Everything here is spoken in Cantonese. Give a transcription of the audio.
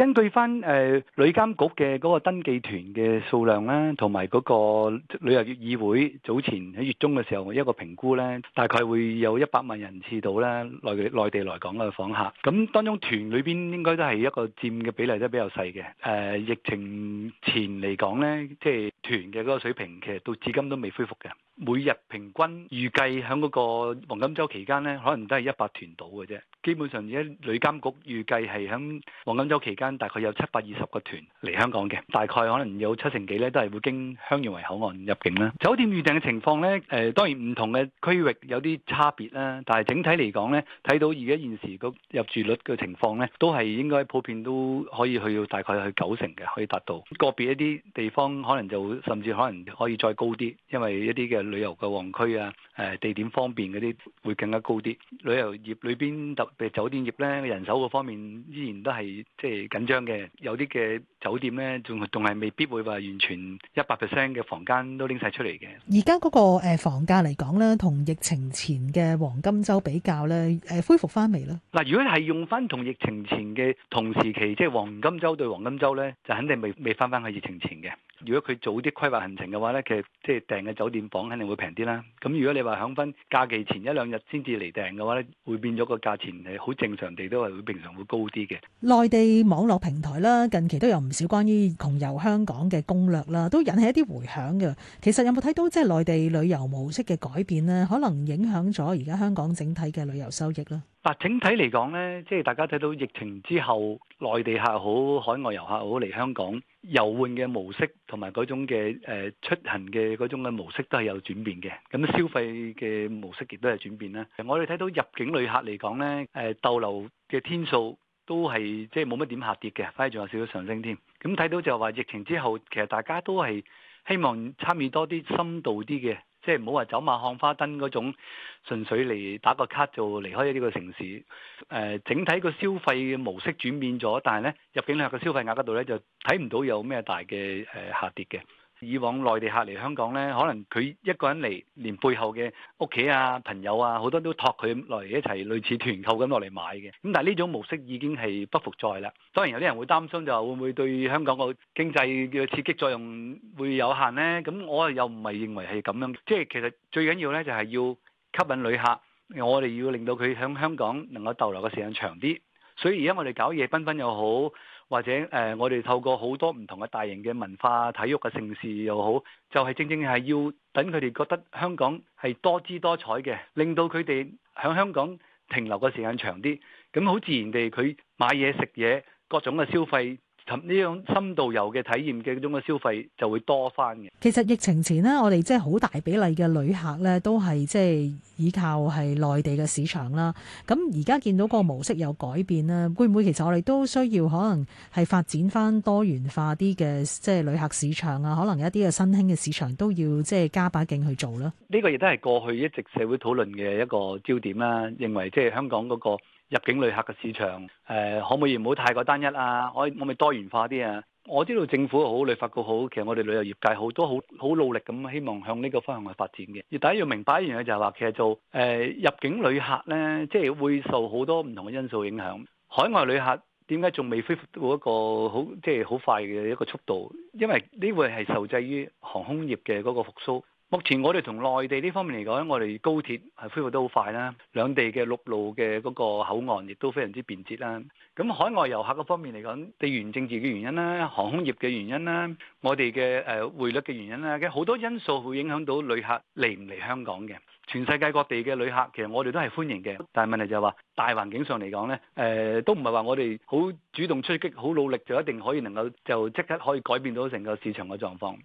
根據翻旅、呃、監局嘅嗰個登記團嘅數量啦，同埋嗰個旅遊業議會早前喺月中嘅時候一個評估咧，大概會有一百萬人次到啦內內地來港嘅訪客。咁當中團裏邊應該都係一個佔嘅比例都比較細嘅、呃。疫情前嚟講咧，即、就、係、是、團嘅嗰個水平其實到至今都未恢復嘅。每日平均預計喺嗰個黃金週期間咧，可能都係一百團到嘅啫。基本上而家旅監局預計係響黃金周期間大概有七百二十個團嚟香港嘅，大概可能有七成幾咧，都係會經香園圍口岸入境啦。酒店預訂嘅情況咧，誒、呃、當然唔同嘅區域有啲差別啦，但係整體嚟講咧，睇到而家現時個入住率嘅情況咧，都係應該普遍都可以去到大概去九成嘅，可以達到個別一啲地方可能就甚至可能可以再高啲，因為一啲嘅旅遊嘅旺區啊，誒地點方便嗰啲會更加高啲。旅遊業裏邊特譬酒店業咧，人手嗰方面依然都係即係緊張嘅，有啲嘅酒店咧，仲仲係未必會話完全一百 percent 嘅房間都拎晒出嚟嘅。而家嗰個誒房價嚟講咧，同疫情前嘅黃金周比較咧，誒恢復翻未咧？嗱，如果係用翻同疫情前嘅同時期，即係黃金周對黃金周咧，就肯定未未翻翻去疫情前嘅。如果佢早啲規劃行程嘅話咧，其實即係訂嘅酒店房肯定會平啲啦。咁如果你話響翻假期前一兩日先至嚟訂嘅話咧，會變咗個價錢係好正常地都係會平常會高啲嘅。內地網絡平台啦，近期都有唔少關於窮遊香港嘅攻略啦，都引起一啲迴響嘅。其實有冇睇到即係內地旅遊模式嘅改變咧？可能影響咗而家香港整體嘅旅遊收益咧？嗱，整體嚟講呢，即係大家睇到疫情之後，內地客好、海外遊客好嚟香港遊玩嘅模式，同埋嗰種嘅誒出行嘅嗰種嘅模式都係有轉變嘅。咁消費嘅模式亦都係轉變啦。我哋睇到入境旅客嚟講呢，誒逗留嘅天數都係即係冇乜點下跌嘅，反而仲有少少上升添。咁睇到就話疫情之後，其實大家都係希望參與多啲深度啲嘅。即係唔好話走馬看花燈嗰種，純粹嚟打個卡就離開呢個城市。誒、呃，整體個消費模式轉變咗，但係呢入境旅客嘅消費額嗰度呢，就睇唔到有咩大嘅誒、呃、下跌嘅。以往內地客嚟香港呢，可能佢一個人嚟，連背後嘅屋企啊、朋友啊，好多都託佢嚟一齊，類似團購咁落嚟買嘅。咁但係呢種模式已經係不復在啦。當然有啲人會擔心，就會唔會對香港個經濟嘅刺激作用會有限呢？咁我又唔係認為係咁樣。即係其實最緊要呢，就係要吸引旅客，我哋要令到佢喺香港能夠逗留嘅時間長啲。所以而家我哋搞夜繽紛又好。或者誒，我哋透過好多唔同嘅大型嘅文化、體育嘅盛事又好，就係正正係要等佢哋覺得香港係多姿多彩嘅，令到佢哋喺香港停留嘅時間長啲，咁好自然地佢買嘢食嘢各種嘅消費。咁呢種深度遊嘅體驗嘅嗰種嘅消費就會多翻嘅。其實疫情前呢，我哋即係好大比例嘅旅客咧，都係即係依靠係內地嘅市場啦。咁而家見到個模式有改變啦，會唔會其實我哋都需要可能係發展翻多元化啲嘅即係旅客市場啊？可能有一啲嘅新興嘅市場都要即係加把勁去做咯。呢個亦都係過去一直社會討論嘅一個焦點啦，認為即係香港嗰個，入境旅客嘅市場，誒可唔可以唔好太過單一啊？可以，可唔可以多元化啲啊？我知道政府好、旅發局好，其實我哋旅遊業界好多好好努力咁，希望向呢個方向去發展嘅。而大家要明白一樣嘢就係話，其實做誒入境旅客咧，即係會受好多唔同嘅因素影響。海外旅客點解仲未恢復到一個好即係好快嘅一個速度？因為呢會係受制於航空業嘅嗰個復甦。目前我哋從內地呢方面嚟講，我哋高鐵係恢復得好快啦，兩地嘅陸路嘅嗰個口岸亦都非常之便捷啦。咁海外遊客嗰方面嚟講，地緣政治嘅原因啦、航空業嘅原因啦、我哋嘅誒匯率嘅原因啦，嘅好多因素會影響到旅客嚟唔嚟香港嘅。全世界各地嘅旅客，其實我哋都係歡迎嘅，但係問題就係話大環境上嚟講呢，誒都唔係話我哋好主動出擊、好努力就一定可以能夠就即刻可以改變到成個市場嘅狀況。